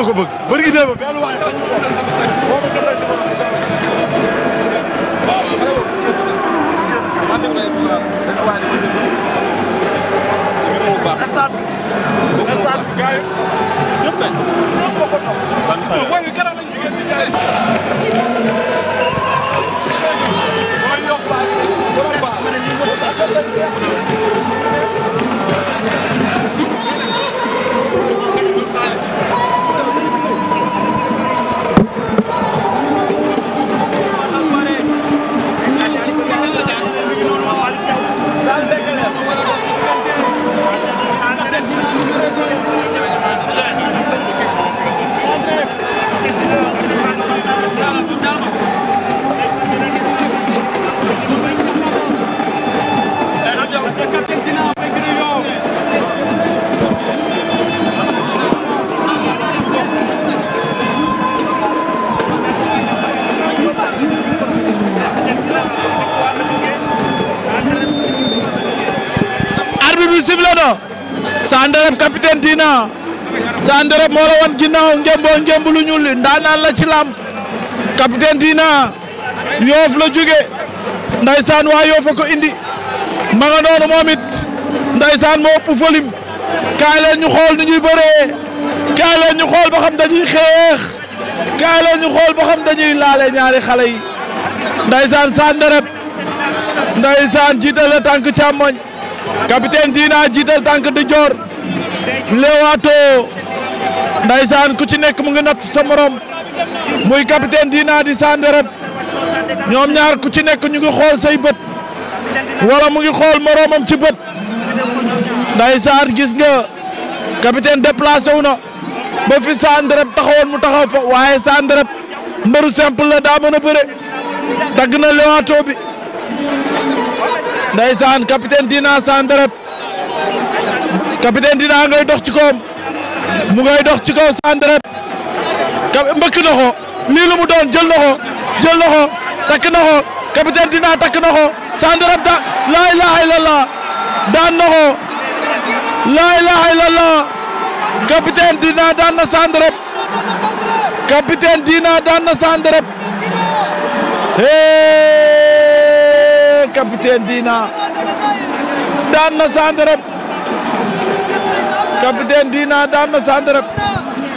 ma ko bëgg bëri gi dee ba benn waay Ban fan. sa ndereb capitaine Dina sa ndereb moo la wan ginnaaw ngemboo ngemb lu ñuul ndaanaan la ci làmb capitaine Dina yoof la jóge ndaysaan waa yoof a ko indi ma nga noonu moom it ndaysaan moo ëpp ñu xool ni ñuy bëree kaay leen ñu xool ba xam dañuy xeex kaay ñu xool ba xam dañuy laale ñaari xale yi ndaysaan sa ndereb ndaysaan jiital la tànk càmmoñ capitaine Dina jiital tànk di joor leewaato ndaysaan ku ci nekk mu ngi natt sa morom muy capitaine Dina di Sandaret ñoom ñaar ku ci nekk ñu ngi xool say bët wala mu ngi xool moromam ci bët ndaysaan gis nga capitaine déplacé wu na ba fi Sandaret taxawoon mu taxaw fa waaye Sandaret mbaru simple la daa bëre dagg na bi ndeysaan capitaine Dina sans deret capitaine Dina ngay dox ci koom mu ngay dox ci kaw sans deret mbëkk na ko lii lu mu doon jël na ko takk na ko capitaine Dina takk na ko sans deret da laa ilaaha illallah daan na ko laa ilaaha illallah capitaine daan na sans deret capitaine daan na sans deret capitaine Dina daan na Sandarab capitaine Dina daan na Sandarab